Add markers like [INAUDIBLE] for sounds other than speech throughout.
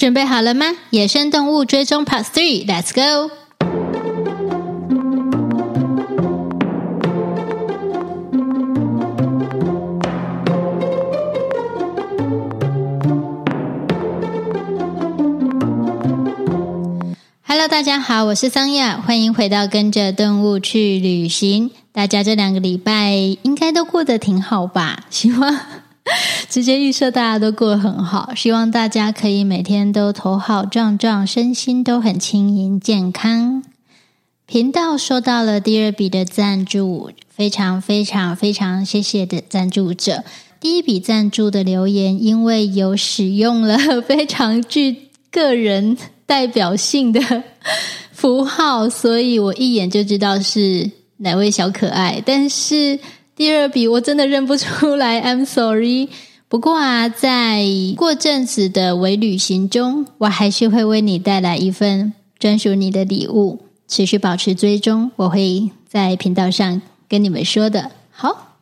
準備好了嗎？野生動物追蹤 Part Three，Let's go！Hello，大家好，我是桑雅，歡迎回到跟着動物去旅行。大家這兩個禮拜應該都過得挺好吧？希望。直接預設大家都過得很好，希望大家可以每天都頭好壯壯，身心都很輕盈健康。頻道收到了第二筆的贊助，非常非常非常謝謝的贊助者。第一筆贊助的留言，因為有使用了非常具個人代表性的符號，所以我一眼就知道是哪位小可愛。但是第二筆我真的認不出來，I'm sorry。不過啊，在過陣子的微旅行中，我還是會為你帶來一份專屬你的禮物。持續保持追蹤，我會在頻道上跟你們說的。好，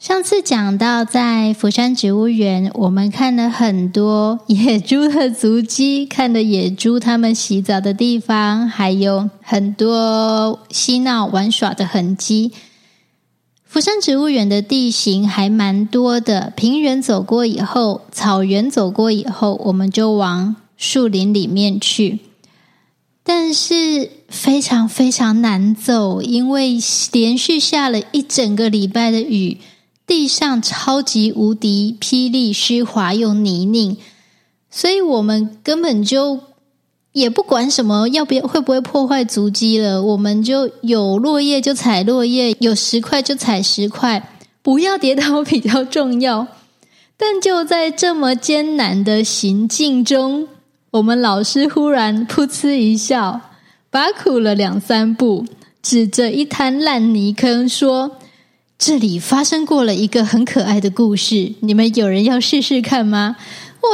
上次講到在福山植物園，我們看了很多野豬的足迹，看了野豬他們洗澡的地方，還有很多嬉鬧玩耍的痕迹。福山植物園的地形還蠻多的，平原走過以後，草原走過以後，我們就往樹林裡面去。但是非常非常難走，因為連續下了一整個禮拜的雨，地上超級無敵霹靂濕滑又泥濘，所以我們根本就。也不管什麼要不要會不會破壞足跡了，我們就有落葉就踩落葉，有石塊就踩石塊，不要跌倒比較重要。但就在這麼艱難的行進中，我們老師忽然噗嗤一笑，把苦了兩三步，指着一灘爛泥坑說：“這裡發生過了一個很可愛的故事，你們有人要試試看嗎？”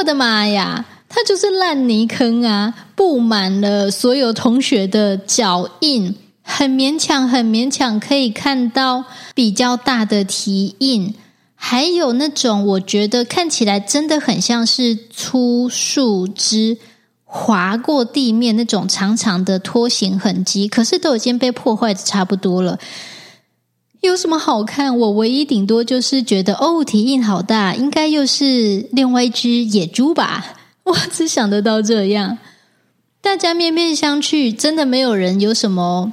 我的媽呀！它就是爛泥坑啊，佈滿了所有同學的腳印，很勉強，很勉強可以看到比較大的蹄印，還有那種我覺得看起來真的很像是粗樹枝劃過地面那種長長的拖行痕迹，可是都已經被破壞得差不多了，有什麼好看？我唯一頂多就是覺得哦，蹄印好大，應該又是另外一只野豬吧。我只想得到這樣，大家面面相覷，真的沒有人有什麼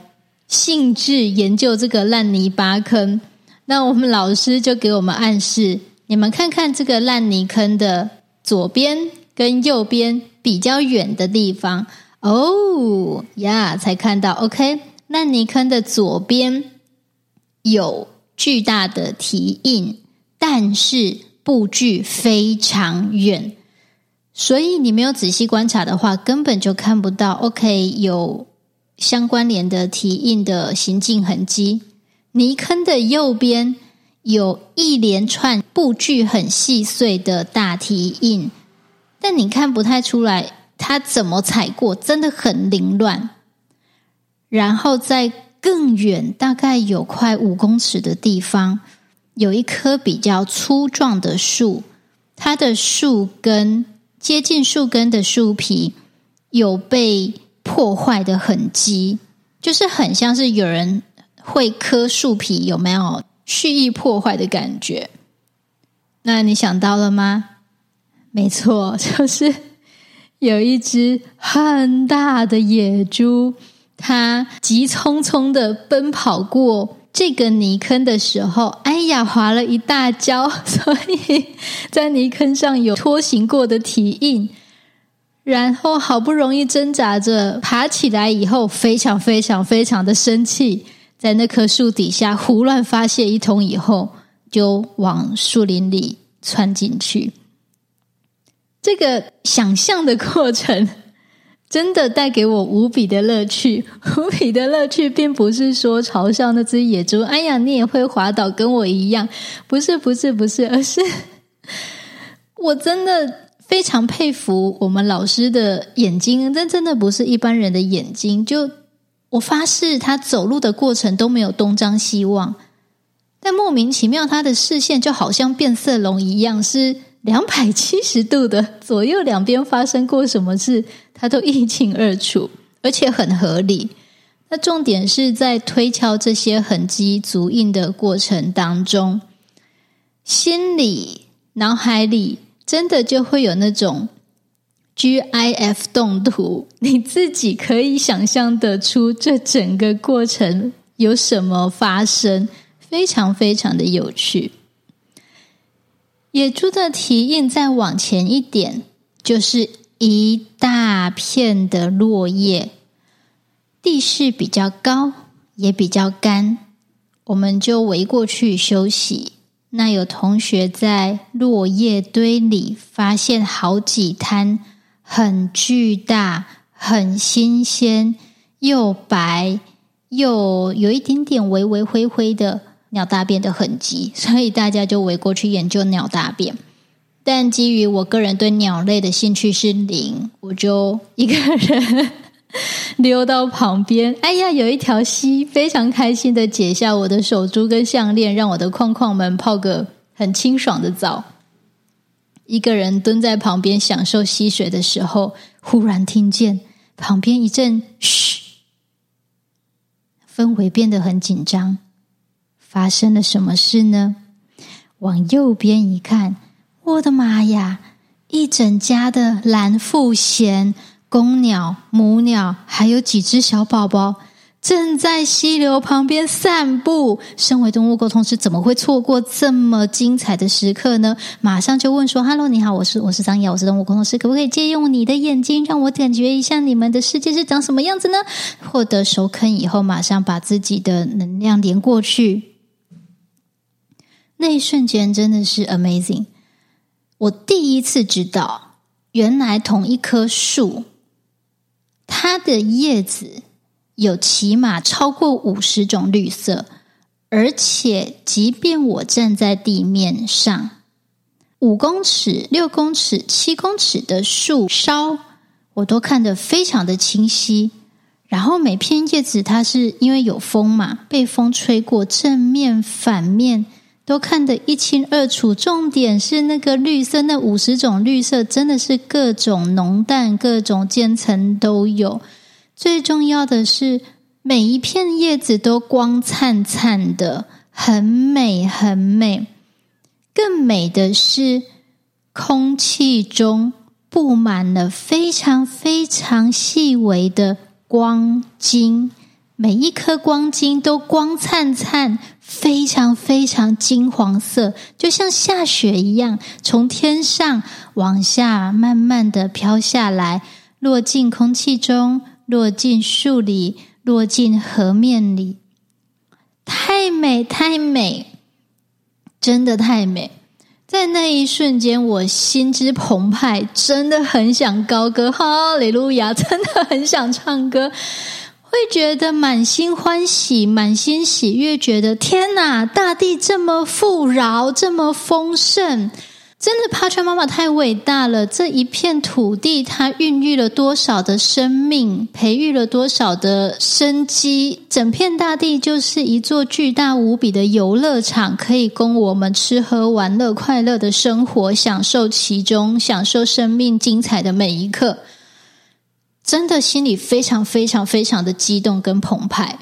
興致研究這個爛泥巴坑。那我們老師就給我們暗示：你們看看這個爛泥坑的左邊跟右邊比較遠的地方哦呀，oh, yeah, 才看到。OK，爛泥坑的左邊有巨大的蹄印，但是步距非常遠。所以你沒有仔細觀察的話，根本就看不到。OK，有相關聯的蹄印的行進痕跡。泥坑的右邊有一連串步距很細碎的大蹄印，但你看不太出來它怎麼踩過，真的很凌亂。然後在更遠，大概有快五公尺的地方，有一棵比較粗壯的樹，它的樹根。接近樹根的樹皮有被破壞的痕跡，就是很像是有人會磕樹皮，有沒有蓄意破壞的感覺？那你想到了嗎？沒錯，就是有一隻很大的野豬，它急匆匆的奔跑過這個泥坑的時候，哎呀，滑了一大跤，所以在泥坑上有拖行過的蹄印。然後好不容易掙扎着爬起來以後，非常非常非常的生氣，在那棵樹底下胡亂發洩一通以後，就往樹林裡竄進去。這個想象的過程，真的帶給我無比的樂趣，無比的樂趣，並不是說嘲笑那只野豬。哎呀，你也會滑倒，跟我一樣。不是，不是，不是，而是我真的非常佩服我們老師的眼睛，但真的不是一般人的眼睛。就我發誓，他走路的過程都沒有東張西望，但莫名其妙，他的視線就好像變色龍一樣，是。兩百七十度的左右兩邊發生過什麼事，他都一清二楚，而且很合理。那重點是在推敲這些痕跡足印的過程當中，心裡、腦海裡真的就會有那種 GIF 動圖，你自己可以想象得出這整個過程有什麼發生，非常非常的有趣。野豬的蹄印再往前一點，就是一大片的落葉，地勢比較高，也比較乾，我們就圍過去休息。那有同學在落葉堆裡發現好幾灘很巨大、很新鮮、又白又有一點點微微灰灰的。鳥大便的痕跡，所以大家就圍過去研究鳥大便。但基於我個人對鳥類的興趣是零，我就一個人溜到旁邊。哎呀，有一條溪，非常開心地解下我的手珠跟項鏈，讓我的框框們泡個很清爽的澡。一個人蹲在旁邊享受溪水的時候，忽然聽見旁邊一陣噓，氛圍變得很緊張。發生了什麼事呢？往右邊一看，我的媽呀！一整家的藍腹鷴、公鳥、母鳥，還有幾隻小寶寶，正在溪流旁邊散步。身為動物溝通師，怎麼會錯過這麼精彩的時刻呢？馬上就問說哈嘍，你好，我是我是張瑤，我是動物溝通師，可不可以借用你的眼睛，讓我感覺一下你們的世界是長什麼樣子呢？”獲得首肯以後，馬上把自己的能量連過去。那一瞬間真的是 amazing！我第一次知道，原來同一棵樹，它的葉子有起碼超過五十種綠色，而且即便我站在地面上五公尺、六公尺、七公尺的樹梢，我都看得非常的清晰。然後每片葉子，它是因為有風嘛，被風吹過正面、反面。都看得一清二楚，重點是那個綠色，那五十種綠色真的是各種濃淡、各種漸層都有。最重要的是，每一片葉子都光燦燦的，很美，很美。更美的是，空氣中布滿了非常非常細微的光晶，每一顆光晶都光燦燦。非常非常金黃色，就像下雪一樣，從天上往下慢慢地飄下來，落進空氣中，落進樹裡，落進河面裡，太美，太美，真的太美！在那一瞬間，我心之澎湃，真的很想高歌，哈利路亞，真的很想唱歌。會覺得滿心歡喜，滿心喜悅，覺得天哪！大地這麼富饒，這麼豐盛，真的，帕查瑪瑪太偉大了！這一片土地，它孕育了多少的生命，培育了多少的生機，整片大地就是一座巨大無比的遊樂場，可以供我們吃喝玩樂、快樂的生活，享受其中，享受生命精彩的每一刻。真的心裡非常非常非常的激動跟澎湃，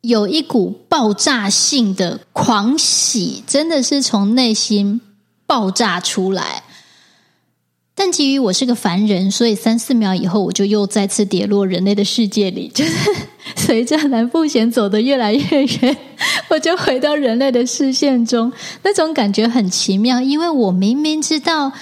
有一股爆炸性的狂喜，真的是從內心爆炸出來。但基於我是個凡人，所以三四秒以後，我就又再次跌落人類的世界裡。就是隨着藍腹鷴走得越來越遠，我就回到人類的視線中。那種感覺很奇妙，因為我明明知道。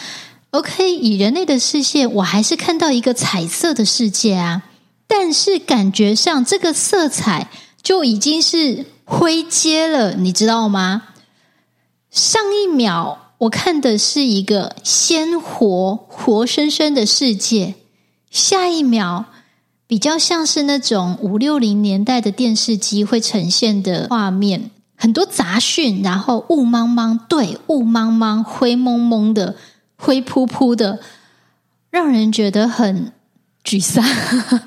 OK 以以人類的視線，我還是看到一個彩色的世界啊！但是感覺上，這個色彩就已經是灰階了，你知道嗎？上一秒我看的是一個鮮活、活生生的世界，下一秒比較像是那種五六零年代的電視機會呈現的畫面，很多雜訊，然後霧濛濛，對，霧濛濛、灰蒙蒙的。灰撲撲的，讓人覺得很沮喪，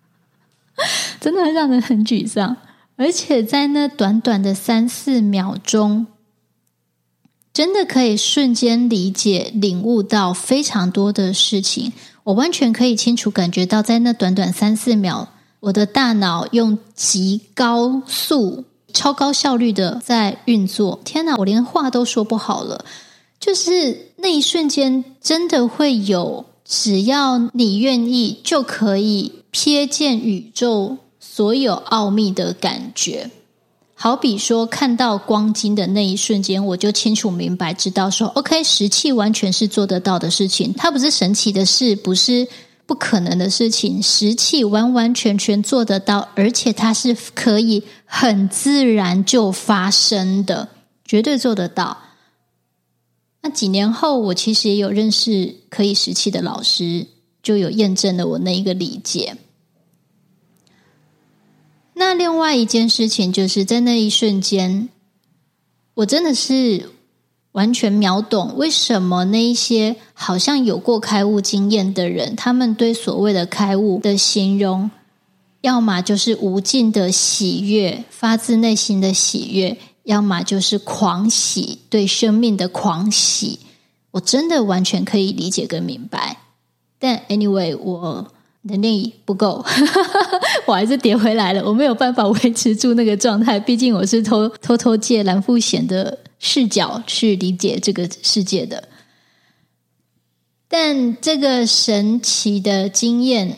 [LAUGHS] 真的很讓人很沮喪。而且在那短短的三四秒鐘，真的可以瞬間理解、領悟到非常多的事情。我完全可以清楚感覺到，在那短短三四秒，我的大腦用極高速、超高效率的在運作。天哪，我連話都說不好了。就是那一瞬間，真的會有，只要你願意，就可以瞥見宇宙所有奧秘的感覺。好比說，看到光晶的那一瞬間，我就清楚明白，知道說，OK，石器完全是做得到的事情，它不是神奇的事，不是不可能的事情，石器完完全全做得到，而且它是可以很自然就發生的，絕對做得到。那幾年後，我其實也有認識可以識氣的老師，就有驗證了我那一個理解。那另外一件事情，就是在那一瞬間，我真的是完全秒懂為什麼那一些好像有過開悟經驗的人，他們對所謂的開悟的形容，要麼就是無盡的喜悅，發自內心的喜悅。要麼就是狂喜，對生命的狂喜，我真的完全可以理解跟明白。但 anyway，我能力不夠， [LAUGHS] 我還是跌回來了。我沒有辦法維持住那個狀態，畢竟我是偷偷偷借藍腹鷴的視角去理解這個世界的。但這個神奇的經驗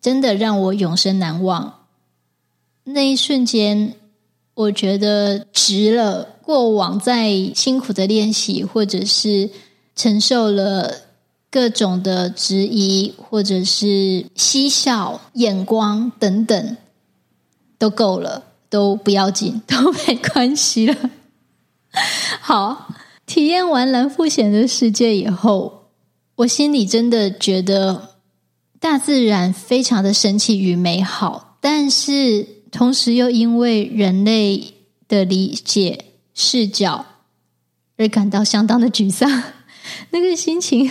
真的讓我永生難忘。那一瞬間。我覺得值了，過往在辛苦的練習，或者是承受了各種的質疑，或者是嬉笑眼光等等，都夠了，都不要緊，都沒關係了。 [LAUGHS] 好，體驗完藍腹鷴的世界以後，我心裡真的覺得大自然非常的神奇與美好，但是。同時，又因為人類的理解視角而感到相當的沮喪， [LAUGHS] 那個心情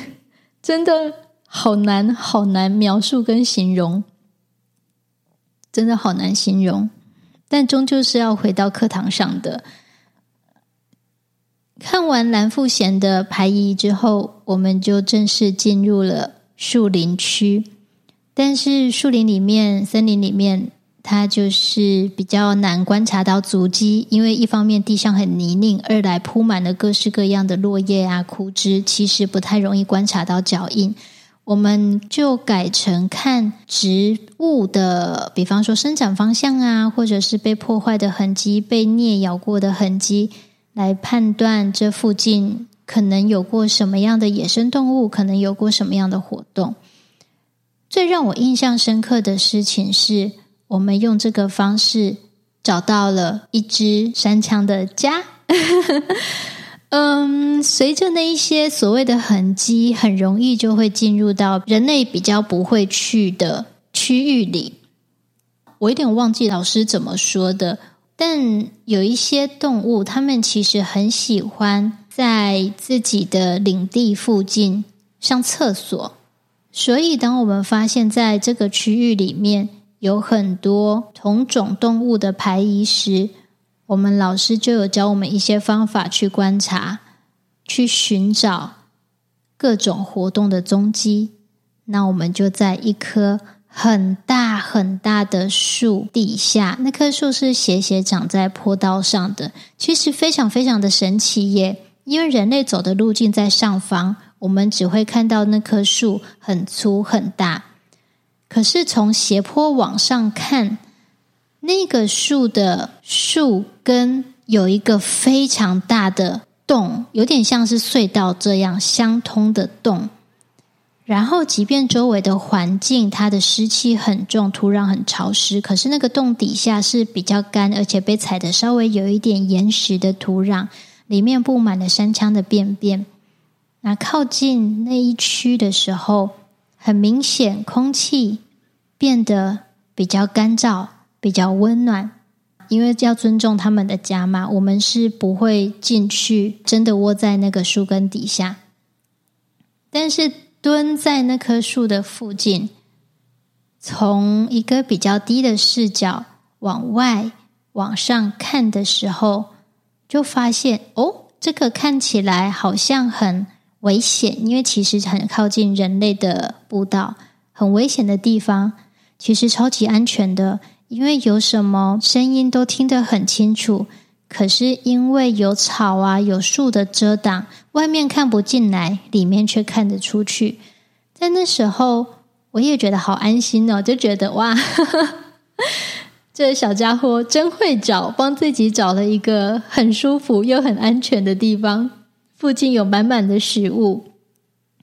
真的好難、好難描述跟形容，真的好難形容。但終究是要回到課堂上的。看完藍腹鷴的排遺之後，我們就正式進入了樹林區。但是，樹林裡面、森林裡面。它就是比較難觀察到足跡，因為一方面地上很泥濘，二來鋪滿了各式各樣的落葉啊、枯枝，其實不太容易觀察到腳印。我們就改成看植物的，比方說生長方向啊，或者是被破壞的痕跡、被齧咬過的痕跡，來判斷這附近可能有過什麼樣的野生動物，可能有過什麼樣的活動。最讓我印象深刻的事情是。我們用這個方式找到了一隻山羌的家。 [LAUGHS] 嗯，隨着那一些所謂的痕跡，很容易就會進入到人類比較不會去的區域裡。我有點忘記老師怎麼說的，但有一些動物，他們其實很喜歡在自己的領地附近上廁所，所以當我們發現，在這個區域裡面。有很多同種動物的排遺時，我們老師就有教我們一些方法去觀察，去尋找各種活動的蹤跡。那我們就在一棵很大很大的樹底下，那棵樹是斜斜長在坡道上的，其實非常非常的神奇耶！因為人類走的路徑在上方，我們只會看到那棵樹很粗很大。可是從斜坡往上看，那個樹的樹根有一個非常大的洞，有點像是隧道這樣相通的洞。然後，即便周圍的環境它的濕氣很重，土壤很潮濕，可是那個洞底下是比較乾，而且被踩得稍微有一點岩石的土壤，裡面佈滿了山羌的便便。那靠近那一區的時候，很明顯，空氣變得比較乾燥，比較溫暖。因為要尊重他們的家嘛，我們是不會進去，真的窩在那個樹根底下。但是蹲在那棵樹的附近，從一個比較低的視角往外往上看的時候，就發現哦，這個看起來好像很危險，因為其實很靠近人類的步道，很危險的地方，其實超級安全的，因為有什麼聲音都聽得很清楚。可是因為有草啊、有樹的遮擋，外面看不進來，裡面卻看得出去。在那時候，我也覺得好安心哦，就覺得哇，哈哈，這小家伙真會找，幫自己找了一個很舒服又很安全的地方。附近有滿滿的食物，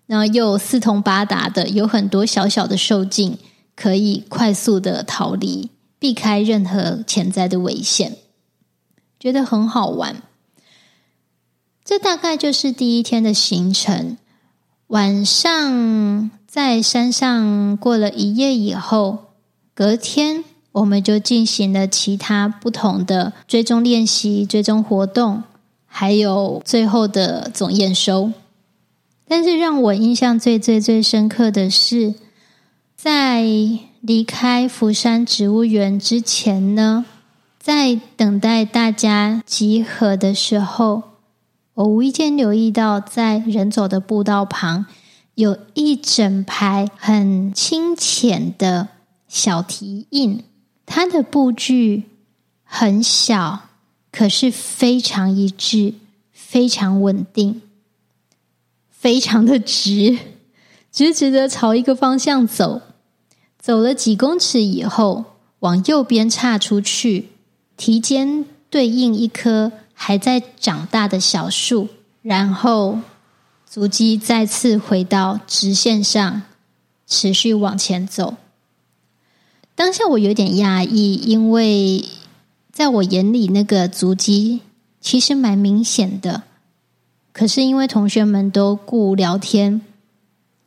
然後又四通八達的，有很多小小的獸徑可以快速的逃離，避開任何潛在的危險，覺得很好玩。這大概就是第一天的行程。晚上在山上過了一夜以後，隔天我們就進行了其他不同的追蹤練習、追蹤活動。還有最後的總驗收，但是讓我印象最最最深刻的是，在離開福山植物園之前呢，在等待大家集合的時候，我無意間留意到，在人走的步道旁有一整排很清淺的小蹄印，它的步距很小。可是非常一致，非常穩定，非常的直，直直的朝一個方向走。走了幾公尺以後，往右邊岔出去，蹄尖對應一棵還在長大的小樹，然後足跡再次回到直線上，持續往前走。當下我有點訝異，因為，在我眼裡，那個足跡其實蠻明顯的。可是因為同學們都顧聊天，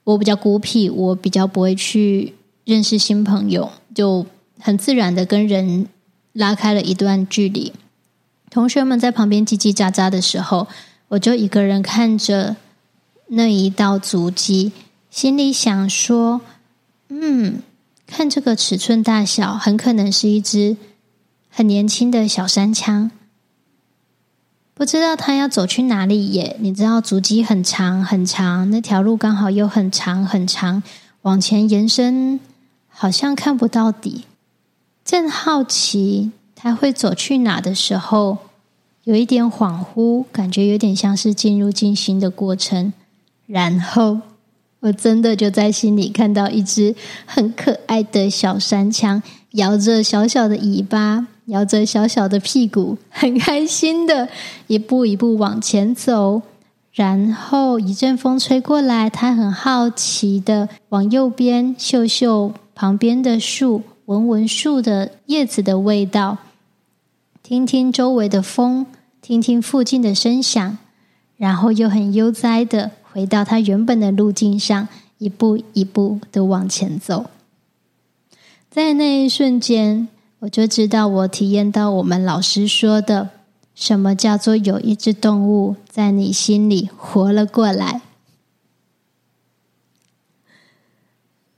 我比較孤僻，我比較不會去認識新朋友，就很自然的跟人拉開了一段距離。同學們在旁邊嘰嘰喳喳的時候，我就一個人看着那一道足跡，心裡想說：“嗯，看這個尺寸大小，很可能是一只。”很年輕的小山羌，不知道他要走去哪裡耶？你知道，足跡很長很長，那條路剛好又很長很長往前延伸，好像看不到底。正好奇他會走去哪的時候，有一點恍惚，感覺有點像是進入靜心的過程。然後，我真的就在心裡看到一隻很可愛的小山羌，搖着小小的尾巴。搖着小小的屁股，很開心的一步一步往前走。然後一陣風吹過來，他很好奇的往右邊嗅嗅旁邊的樹，聞聞樹的葉子的味道，聽聽周圍的風，聽聽附近的聲響，然後又很悠哉的回到他原本的路徑上，一步一步的往前走。在那一瞬間。我就知道，我體驗到我們老師說的什麼叫做有一隻動物在你心裡活了過來。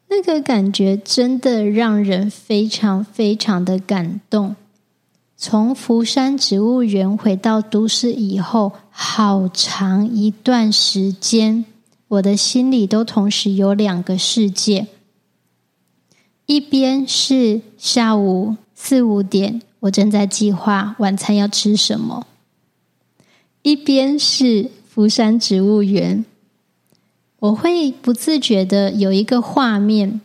那個感覺真的讓人非常非常的感動。從福山植物園回到都市以後，好長一段時間，我的心裡都同時有兩個世界，一邊是下午。四五點，我正在計劃晚餐要吃什麼。一邊是福山植物園，我會不自覺的有一個畫面，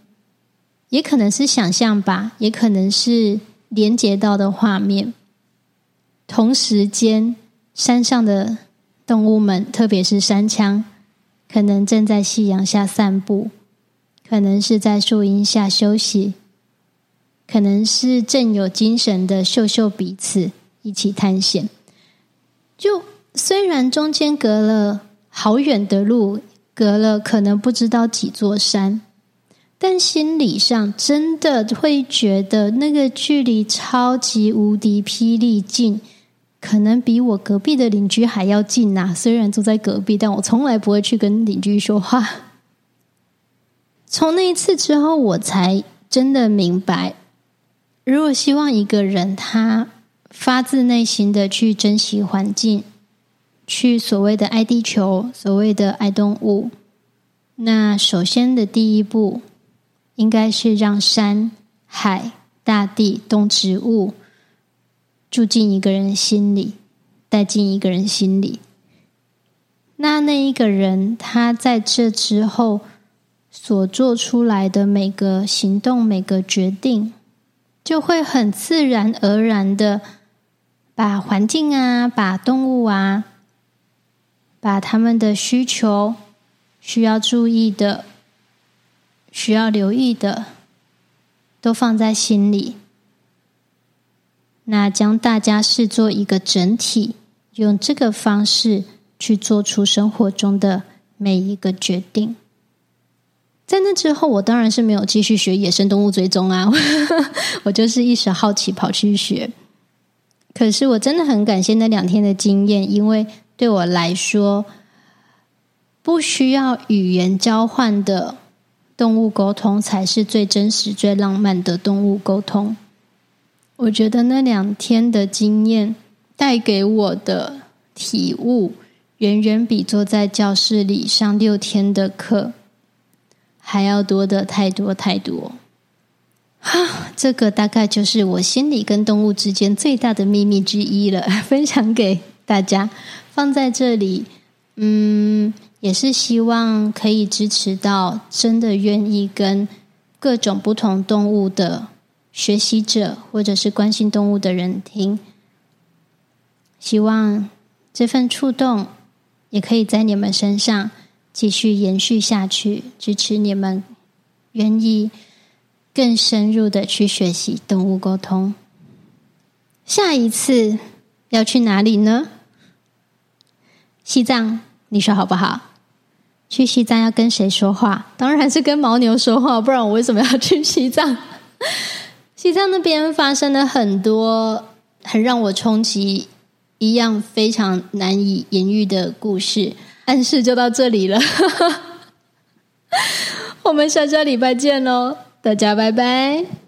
也可能是想象吧，也可能是連接到的畫面。同時間，山上的動物們，特別是山羌，可能正在夕陽下散步，可能是在樹蔭下休息。可能是正有精神的秀秀彼此一起探險，就雖然中間隔了好遠的路，隔了可能不知道幾座山，但心理上真的會覺得那個距離超級無敵霹靂近，可能比我隔壁的鄰居還要近吶、啊。雖然坐在隔壁，但我從來不會去跟鄰居說話。從那一次之後，我才真的明白，如果希望一個人他發自內心的去珍惜環境，去所謂的愛地球，所謂的愛動物，那首先的第一步應該是讓山海、大地、動植物住進一個人心裡，帶進一個人心裡。那那一個人他在這之後所做出來的每個行動、每個決定，就會很自然而然的把環境啊，把動物啊，把他們的需求，需要注意的、需要留意的，都放在心裡。那將大家視作一個整體，用這個方式去做出生活中的每一個決定。在那之後，我當然是沒有繼續學野生動物追蹤啊！ [LAUGHS] 我就是一時好奇跑去學。可是我真的很感謝那兩天的經驗，因為對我來說，不需要語言交換的動物溝通才是最真實、最浪漫的動物溝通。我覺得那兩天的經驗帶給我的體悟，遠遠比坐在教室裡上六天的課。還要多的太多太多啊！這個大概就是我心裡跟動物之間最大的秘密之一了，分享給大家，放在這裡。嗯，也是希望可以支持到真的願意跟各種不同動物的學習者，或者是關心動物的人聽。希望這份觸動也可以在你們身上繼續延續下去，支持你們願意更深入的去學習動物溝通。下一次要去哪裡呢？西藏，你說好不好？去西藏要跟誰說話？當然是跟犛牛說話，不然我為什麼要去西藏？西藏那邊發生了很多很讓我衝擊一樣非常難以言喻的故事。暗示就到這裡了， [LAUGHS] 我們下下禮拜見嘍，大家拜拜。